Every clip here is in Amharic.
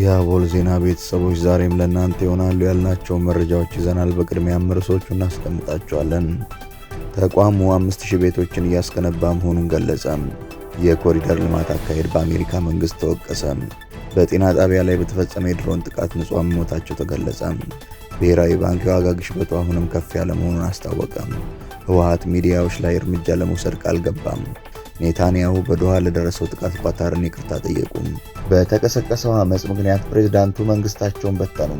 የአቦል ዜና ቤተሰቦች ዛሬም ለእናንተ ይሆናሉ ያልናቸው መረጃዎች ይዘናል። በቅድሚያም ርዕሶቹ እናስቀምጣቸዋለን። ተቋሙ አምስት ቤቶችን እያስገነባ መሆኑን ገለጸ። የኮሪደር ልማት አካሄድ በአሜሪካ መንግሥት ተወቀሰ። በጤና ጣቢያ ላይ በተፈጸመ የድሮን ጥቃት ንጹ መሞታቸው ተገለጸ። ብሔራዊ ባንክ የዋጋ ግሽበቱ አሁንም ከፍ ያለ መሆኑን አስታወቀም። ህወሓት ሚዲያዎች ላይ እርምጃ ለመውሰድ ቃል ገባም። ኔታንያሁ በዶሃ ለደረሰው ጥቃት ኳታርን ይቅርታ ጠየቁም። በተቀሰቀሰው አመፅ ምክንያት ፕሬዝዳንቱ መንግስታቸውን በተኑ።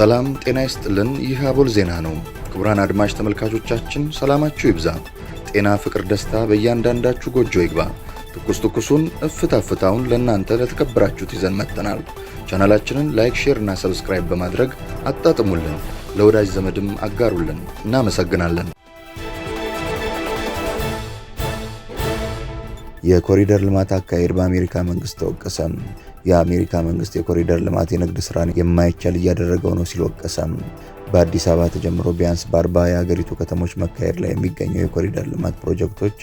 ሰላም ጤና ይስጥልን። ይህ አቦል ዜና ነው። ክቡራን አድማጭ ተመልካቾቻችን ሰላማችሁ ይብዛ፣ ጤና፣ ፍቅር፣ ደስታ በእያንዳንዳችሁ ጎጆ ይግባ። ትኩስ ትኩሱን እፍታ ፍታውን ለእናንተ ለተከበራችሁት ይዘን መጥተናል። ቻናላችንን ላይክ፣ ሼር እና ሰብስክራይብ በማድረግ አጣጥሙልን፣ ለወዳጅ ዘመድም አጋሩልን። እናመሰግናለን። የኮሪደር ልማት አካሄድ በአሜሪካ መንግስት ተወቀሰም። የአሜሪካ መንግስት የኮሪደር ልማት የንግድ ስራን የማይቻል እያደረገው ነው ሲል ወቀሰም። በአዲስ አበባ ተጀምሮ ቢያንስ በአርባ የሀገሪቱ ከተሞች መካሄድ ላይ የሚገኘው የኮሪደር ልማት ፕሮጀክቶች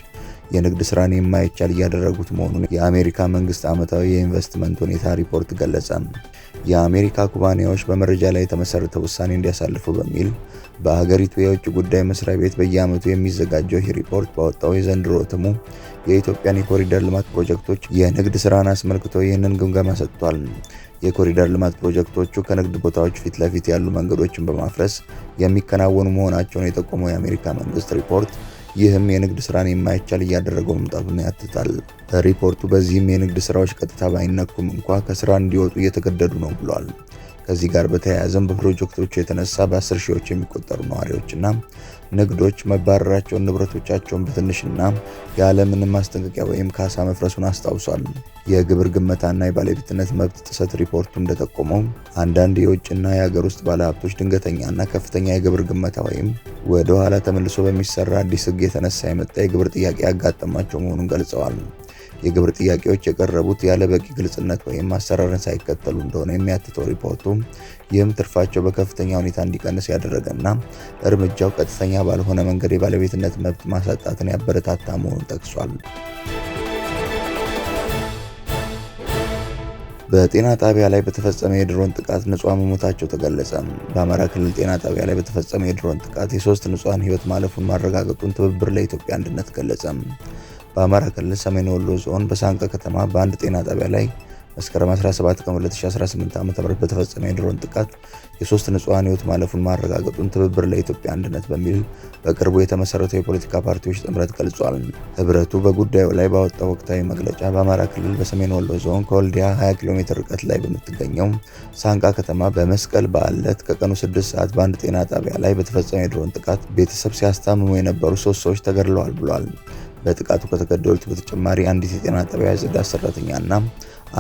የንግድ ስራን የማይቻል እያደረጉት መሆኑን የአሜሪካ መንግስት ዓመታዊ የኢንቨስትመንት ሁኔታ ሪፖርት ገለጸ። የአሜሪካ ኩባንያዎች በመረጃ ላይ የተመሰረተ ውሳኔ እንዲያሳልፉ በሚል በሀገሪቱ የውጭ ጉዳይ መስሪያ ቤት በየዓመቱ የሚዘጋጀው ይህ ሪፖርት ባወጣው የዘንድሮ እትሙ የኢትዮጵያን የኮሪደር ልማት ፕሮጀክቶች የንግድ ስራን አስመልክቶ ይህንን ግምገማ ሰጥቷል። የኮሪደር ልማት ፕሮጀክቶቹ ከንግድ ቦታዎች ፊት ለፊት ያሉ መንገዶችን በማፍረስ የሚከናወኑ መሆናቸውን የጠቆመው የአሜሪካ መንግስት ሪፖርት ይህም የንግድ ስራን የማይቻል እያደረገው መምጣቱን ያትታል። ሪፖርቱ በዚህም የንግድ ስራዎች ቀጥታ ባይነኩም እንኳ ከስራ እንዲወጡ እየተገደዱ ነው ብሏል። ከዚህ ጋር በተያያዘም በፕሮጀክቶቹ የተነሳ በ10 ሺዎች የሚቆጠሩ ነዋሪዎችና ንግዶች መባረራቸውን ንብረቶቻቸውን በትንሽና ያለምንም ማስጠንቀቂያ ወይም ካሳ መፍረሱን አስታውሷል። የግብር ግመታና የባለቤትነት መብት ጥሰት ሪፖርቱ እንደጠቆመው አንዳንድ የውጭና የሀገር ውስጥ ባለሀብቶች ድንገተኛና ከፍተኛ የግብር ግመታ ወይም ወደ ኋላ ተመልሶ በሚሰራ አዲስ ሕግ የተነሳ የመጣ የግብር ጥያቄ ያጋጠማቸው መሆኑን ገልጸዋል። የግብር ጥያቄዎች የቀረቡት ያለ በቂ ግልጽነት ወይም አሰራርን ሳይከተሉ እንደሆነ የሚያትተው ሪፖርቱ ይህም ትርፋቸው በከፍተኛ ሁኔታ እንዲቀንስ ያደረገና እርምጃው ቀጥተኛ ባልሆነ መንገድ የባለቤትነት መብት ማሳጣትን ያበረታታ መሆኑን ጠቅሷል። በጤና ጣቢያ ላይ በተፈጸመ የድሮን ጥቃት ንጹሐን መሞታቸው ተገለጸ። በአማራ ክልል ጤና ጣቢያ ላይ በተፈጸመ የድሮን ጥቃት የሶስት ንጹሐን ህይወት ማለፉን ማረጋገጡን ትብብር ለኢትዮጵያ አንድነት ገለጸ። በአማራ ክልል ሰሜን ወሎ ዞን በሳንቃ ከተማ በአንድ ጤና ጣቢያ ላይ መስከረም 17 ቀን 2018 ዓ.ም በተፈጸመ የድሮን ጥቃት የሶስት ንጹሐን ህይወት ማለፉን ማረጋገጡን ትብብር ለኢትዮጵያ አንድነት በሚል በቅርቡ የተመሰረተው የፖለቲካ ፓርቲዎች ጥምረት ገልጿል። ህብረቱ በጉዳዩ ላይ ባወጣው ወቅታዊ መግለጫ በአማራ ክልል በሰሜን ወሎ ዞን ከወልዲያ 20 ኪሎ ሜትር ርቀት ላይ በምትገኘው ሳንቃ ከተማ በመስቀል በዓል ዕለት ከቀኑ 6 ሰዓት በአንድ ጤና ጣቢያ ላይ በተፈጸመ የድሮን ጥቃት ቤተሰብ ሲያስታምሙ የነበሩ ሶስት ሰዎች ተገድለዋል ብሏል። በጥቃቱ ከተገደሉት በተጨማሪ አንዲት የጤና ጣቢያ ጽዳት ሰራተኛና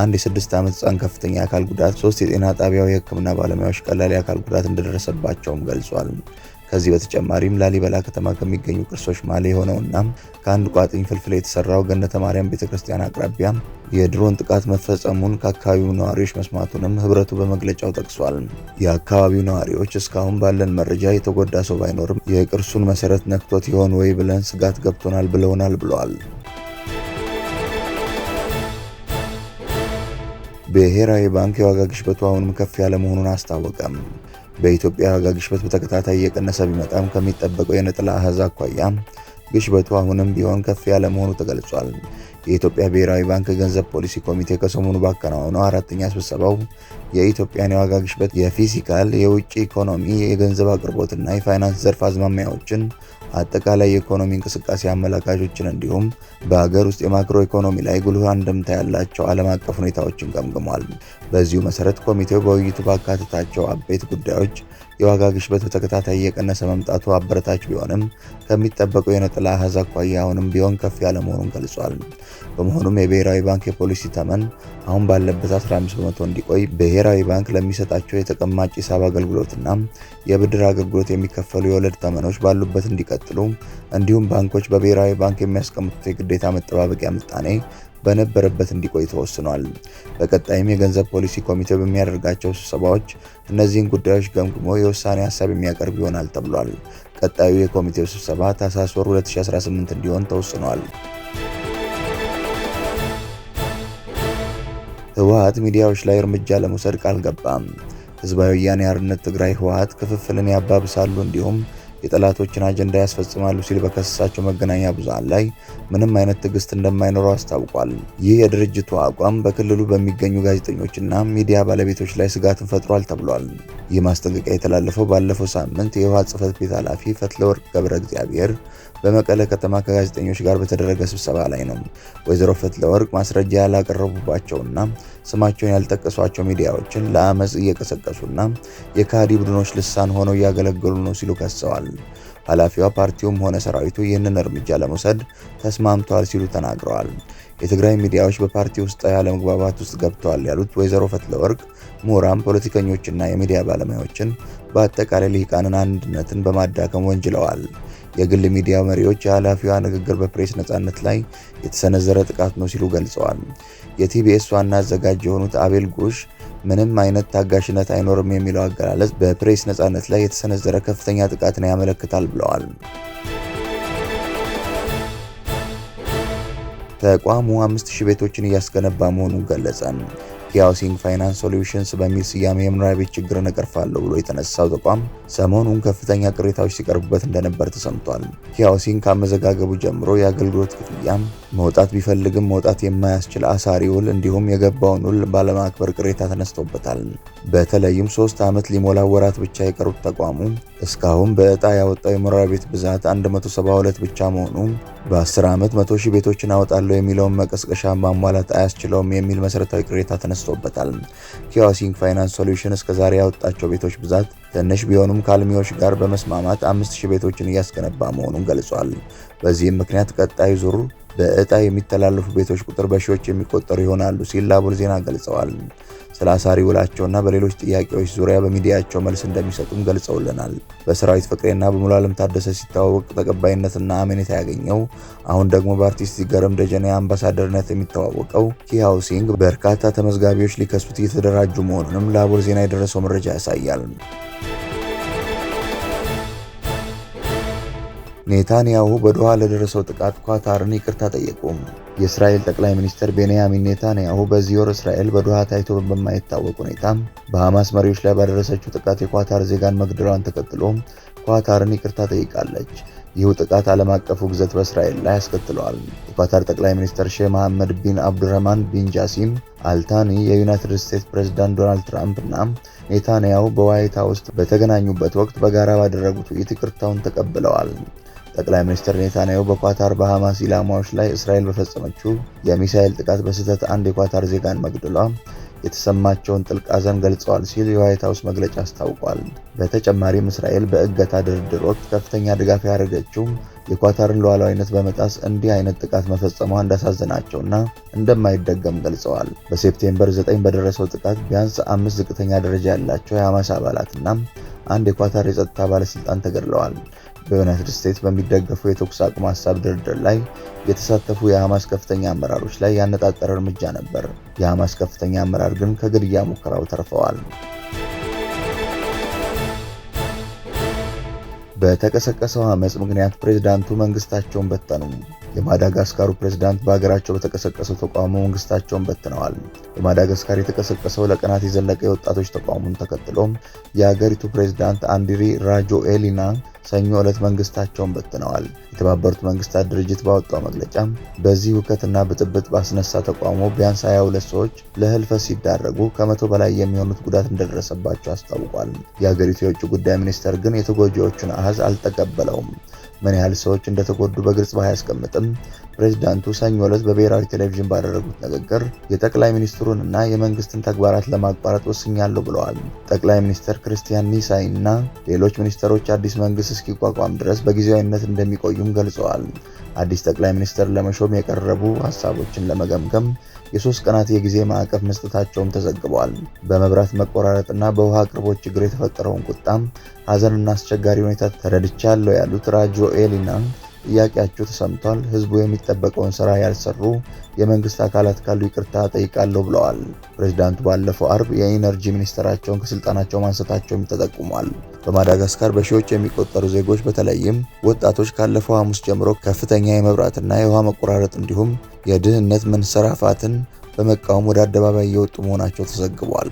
አንድ የስድስት ዓመት ህፃን ከፍተኛ የአካል ጉዳት፣ ሶስት የጤና ጣቢያው የህክምና ባለሙያዎች ቀላል የአካል ጉዳት እንደደረሰባቸውም ገልጿል። ከዚህ በተጨማሪም ላሊበላ ከተማ ከሚገኙ ቅርሶች የሆነው የሆነውና ከአንድ ቋጥኝ ፍልፍል የተሰራው ገነተ ማርያም ቤተክርስቲያን አቅራቢያ የድሮን ጥቃት መፈጸሙን ከአካባቢው ነዋሪዎች መስማቱንም ህብረቱ በመግለጫው ጠቅሷል። የአካባቢው ነዋሪዎች እስካሁን ባለን መረጃ የተጎዳ ሰው ባይኖርም የቅርሱን መሰረት ነክቶት ይሆን ወይ ብለን ስጋት ገብቶናል ብለውናል ብለዋል። ብሔራዊ ባንክ የዋጋ ግሽበቱ አሁንም ከፍ ያለ መሆኑን አስታወቀም። በኢትዮጵያ ጋግሽበት ግሽበት በተከታታይ እየቀነሰ ቢመጣም ከሚጠበቀው የነጠላ አህዛ አኳያ ግሽበቱ አሁንም ቢሆን ከፍ ያለ መሆኑ ተገልጿል። የኢትዮጵያ ብሔራዊ ባንክ ገንዘብ ፖሊሲ ኮሚቴ ከሰሞኑ ባከናወነው አራተኛ ስብሰባው የኢትዮጵያን የዋጋ ግሽበት፣ የፊዚካል፣ የውጭ ኢኮኖሚ፣ የገንዘብ አቅርቦትና የፋይናንስ ዘርፍ አዝማሚያዎችን፣ አጠቃላይ የኢኮኖሚ እንቅስቃሴ አመላካቾችን እንዲሁም በሀገር ውስጥ የማክሮ ኢኮኖሚ ላይ ጉልህ አንድምታ ያላቸው ዓለም አቀፍ ሁኔታዎችን ገምግሟል። በዚሁ መሰረት ኮሚቴው በውይይቱ ባካተታቸው አበይት ጉዳዮች የዋጋ ግሽበት በተከታታይ እየቀነሰ መምጣቱ አበረታች ቢሆንም ከሚጠበቀው የነጠላ አሃዝ አኳያ አሁንም ቢሆን ከፍ ያለ መሆኑን ገልጿል። በመሆኑም የብሔራዊ ባንክ የፖሊሲ ተመን አሁን ባለበት 15 በመቶ እንዲቆይ ብሔራዊ ባንክ ለሚሰጣቸው የተቀማጭ ሂሳብ አገልግሎትና የብድር አገልግሎት የሚከፈሉ የወለድ ተመኖች ባሉበት እንዲቀጥሉ እንዲሁም ባንኮች በብሔራዊ ባንክ የሚያስቀምጡት የግዴታ መጠባበቂያ ምጣኔ በነበረበት እንዲቆይ ተወስኗል። በቀጣይም የገንዘብ ፖሊሲ ኮሚቴው በሚያደርጋቸው ስብሰባዎች እነዚህን ጉዳዮች ገምግሞ የውሳኔ ሀሳብ የሚያቀርብ ይሆናል ተብሏል። ቀጣዩ የኮሚቴው ስብሰባ ታህሳስ ወር 2018 እንዲሆን ተወስኗል። ህወሓት ሚዲያዎች ላይ እርምጃ ለመውሰድ ቃል ገባም። ህዝባዊ ወያኔ ሓርነት ትግራይ ህወሓት ክፍፍልን ያባብሳሉ እንዲሁም የጠላቶችን አጀንዳ ያስፈጽማሉ ሲል በከሰሳቸው መገናኛ ብዙሃን ላይ ምንም አይነት ትዕግስት እንደማይኖረው አስታውቋል። ይህ የድርጅቱ አቋም በክልሉ በሚገኙ ጋዜጠኞችና ሚዲያ ባለቤቶች ላይ ስጋትን ፈጥሯል ተብሏል። ይህ ማስጠንቀቂያ የተላለፈው ባለፈው ሳምንት የውሃ ጽህፈት ቤት ኃላፊ ፈትለወርቅ ገብረ እግዚአብሔር በመቀለ ከተማ ከጋዜጠኞች ጋር በተደረገ ስብሰባ ላይ ነው። ወይዘሮ ፈትለወርቅ ማስረጃ ያላቀረቡባቸውና ስማቸውን ያልጠቀሷቸው ሚዲያዎችን ለአመፅ እየቀሰቀሱና የካዲ ቡድኖች ልሳን ሆነው እያገለገሉ ነው ሲሉ ከሰዋል። ኃላፊዋ ፓርቲውም ሆነ ሰራዊቱ ይህንን እርምጃ ለመውሰድ ተስማምተዋል ሲሉ ተናግረዋል። የትግራይ ሚዲያዎች በፓርቲ ውስጥ ያለመግባባት ውስጥ ገብተዋል ያሉት ወይዘሮ ፈትለወርቅ ምሁራን፣ ፖለቲከኞችና የሚዲያ ባለሙያዎችን በአጠቃላይ ልሂቃንን አንድነትን በማዳከም ወንጅለዋል። የግል ሚዲያ መሪዎች የኃላፊዋ ንግግር በፕሬስ ነፃነት ላይ የተሰነዘረ ጥቃት ነው ሲሉ ገልጸዋል። የቲቢኤስ ዋና አዘጋጅ የሆኑት አቤል ጉሽ ምንም አይነት ታጋሽነት አይኖርም የሚለው አገላለጽ በፕሬስ ነፃነት ላይ የተሰነዘረ ከፍተኛ ጥቃትን ያመለክታል ብለዋል። ተቋሙ 5000 ቤቶችን እያስገነባ መሆኑን ገለጸ። የሃውሲንግ ፋይናንስ ሶሉሽንስ በሚል ስያሜ የመኖሪያ ቤት ችግርን እቀርፋለሁ ብሎ የተነሳው ተቋም ሰሞኑን ከፍተኛ ቅሬታዎች ሲቀርቡበት እንደነበር ተሰምቷል። የሃውሲንግ ከአመዘጋገቡ ጀምሮ የአገልግሎት ክፍያም መውጣት ቢፈልግም መውጣት የማያስችል አሳሪ ውል እንዲሁም የገባውን ውል ባለማክበር ቅሬታ ተነስቶበታል። በተለይም ሶስት ዓመት ሊሞላ ወራት ብቻ የቀሩት ተቋሙ እስካሁን በዕጣ ያወጣው የመኖሪያ ቤት ብዛት 172 ብቻ መሆኑ በ10 ዓመት 100 ሺህ ቤቶችን አወጣለሁ የሚለውን መቀስቀሻ ማሟላት አያስችለውም የሚል መሰረታዊ ቅሬታ ተነስቶበታል። ኪዮሲንግ ፋይናንስ ሶሉሽን እስከዛሬ ያወጣቸው ቤቶች ብዛት ትንሽ ቢሆኑም ከአልሚዎች ጋር በመስማማት 5000 ቤቶችን እያስገነባ መሆኑን ገልጿል። በዚህም ምክንያት ቀጣይ ዙር በእጣ የሚተላለፉ ቤቶች ቁጥር በሺዎች የሚቆጠሩ ይሆናሉ ሲል ላቦል ዜና ገልጸዋል። ስለ አሳሪ ውላቸውና በሌሎች ጥያቄዎች ዙሪያ በሚዲያቸው መልስ እንደሚሰጡም ገልጸውልናል። በሰራዊት ፍቅሬና አለም ታደሰ ሲተዋወቅ ተቀባይነትና አመኔታ ያገኘው አሁን ደግሞ በአርቲስት ይገረም ደጀኔ አምባሳደርነት የሚተዋወቀው ኪሃውሲንግ ሃውሲንግ በርካታ ተመዝጋቢዎች ሊከሱት እየተደራጁ መሆኑንም ላቦል ዜና የደረሰው መረጃ ያሳያል። ኔታንያሁ በዶሃ ለደረሰው ጥቃት ኳታርን ይቅርታ ጠየቁም። የእስራኤል ጠቅላይ ሚኒስትር ቤንያሚን ኔታንያሁ በዚህ ወር እስራኤል በዶሃ ታይቶ በማይታወቅ ሁኔታ በሐማስ መሪዎች ላይ ባደረሰችው ጥቃት የኳታር ዜጋን መግደሏን ተከትሎ ኳታርን ይቅርታ ጠይቃለች። ይህው ጥቃት ዓለም አቀፉ ግዘት በእስራኤል ላይ አስከትለዋል። የኳታር ጠቅላይ ሚኒስትር ሼህ መሐመድ ቢን አብዱረህማን ቢን ጃሲም አልታኒ የዩናይትድ ስቴትስ ፕሬዝዳንት ዶናልድ ትራምፕ እና ኔታንያሁ በዋይት ሀውስ በተገናኙበት ወቅት በጋራ ባደረጉት ውይይት ይቅርታውን ተቀብለዋል። ጠቅላይ ሚኒስትር ኔታንያሁ በኳታር በሐማስ ኢላማዎች ላይ እስራኤል በፈጸመችው የሚሳኤል ጥቃት በስህተት አንድ የኳታር ዜጋን መግደሏ የተሰማቸውን ጥልቅ ሐዘን ገልጸዋል ሲል የዋይት ሀውስ መግለጫ አስታውቋል። በተጨማሪም እስራኤል በእገታ ድርድር ወቅት ከፍተኛ ድጋፍ ያደረገችው የኳታርን ሉዓላዊነት በመጣስ እንዲህ አይነት ጥቃት መፈጸሟ እንዳሳዘናቸውና እንደማይደገም ገልጸዋል። በሴፕቴምበር 9 በደረሰው ጥቃት ቢያንስ አምስት ዝቅተኛ ደረጃ ያላቸው የሐማስ አባላትና አንድ የኳታር የጸጥታ ባለስልጣን ተገድለዋል። በዩናይትድ ስቴትስ በሚደገፈው የተኩስ አቁም ሀሳብ ድርድር ላይ የተሳተፉ የሐማስ ከፍተኛ አመራሮች ላይ ያነጣጠረ እርምጃ ነበር። የሐማስ ከፍተኛ አመራር ግን ከግድያ ሙከራው ተርፈዋል። በተቀሰቀሰው አመፅ ምክንያት ፕሬዝዳንቱ መንግስታቸውን በተኑ። የማዳጋስካሩ ፕሬዝዳንት በሀገራቸው በተቀሰቀሰው ተቃውሞ መንግስታቸውን በትነዋል። በማዳጋስካር የተቀሰቀሰው ለቀናት የዘለቀ የወጣቶች ተቃውሞን ተከትሎ የሀገሪቱ ፕሬዝዳንት አንድሪ ራጆኤሊና ሰኞ ዕለት መንግስታቸውን በትነዋል። የተባበሩት መንግስታት ድርጅት ባወጣው መግለጫ በዚህ ውከትና ብጥብጥ ባስነሳ ተቃውሞ ቢያንስ 22 ሰዎች ለህልፈት ሲዳረጉ ከመቶ በላይ የሚሆኑት ጉዳት እንደደረሰባቸው አስታውቋል። የሀገሪቱ የውጭ ጉዳይ ሚኒስተር ግን የተጎጂዎቹን አህዝ አልተቀበለውም። ምን ያህል ሰዎች እንደተጎዱ በግልጽ ባያስቀምጥም ፕሬዚዳንቱ ሰኞ ዕለት በብሔራዊ ቴሌቪዥን ባደረጉት ንግግር የጠቅላይ ሚኒስትሩን እና የመንግስትን ተግባራት ለማቋረጥ ወስኛለሁ ብለዋል። ጠቅላይ ሚኒስትር ክርስቲያን ኒሳይ እና ሌሎች ሚኒስትሮች አዲስ መንግስት እስኪቋቋም ድረስ በጊዜያዊነት እንደሚቆዩም ገልጸዋል። አዲስ ጠቅላይ ሚኒስትር ለመሾም የቀረቡ ሀሳቦችን ለመገምገም የሶስት ቀናት የጊዜ ማዕቀፍ መስጠታቸውም ተዘግቧል። በመብራት መቆራረጥና በውሃ አቅርቦት ችግር የተፈጠረውን ቁጣም ሀዘንና አስቸጋሪ ሁኔታ ተረድቻለሁ ያሉት ራጆኤሊና ጥያቄያችሁ ተሰምቷል። ህዝቡ የሚጠበቀውን ስራ ያልሰሩ የመንግስት አካላት ካሉ ይቅርታ ጠይቃለሁ ብለዋል። ፕሬዚዳንቱ ባለፈው አርብ የኢነርጂ ሚኒስትራቸውን ከስልጣናቸው ማንሳታቸውም ተጠቁሟል። በማዳጋስካር በሺዎች የሚቆጠሩ ዜጎች በተለይም ወጣቶች ካለፈው ሐሙስ ጀምሮ ከፍተኛ የመብራትና የውሃ መቆራረጥ እንዲሁም የድህነት መንሰራፋትን በመቃወም ወደ አደባባይ እየወጡ መሆናቸው ተዘግቧል።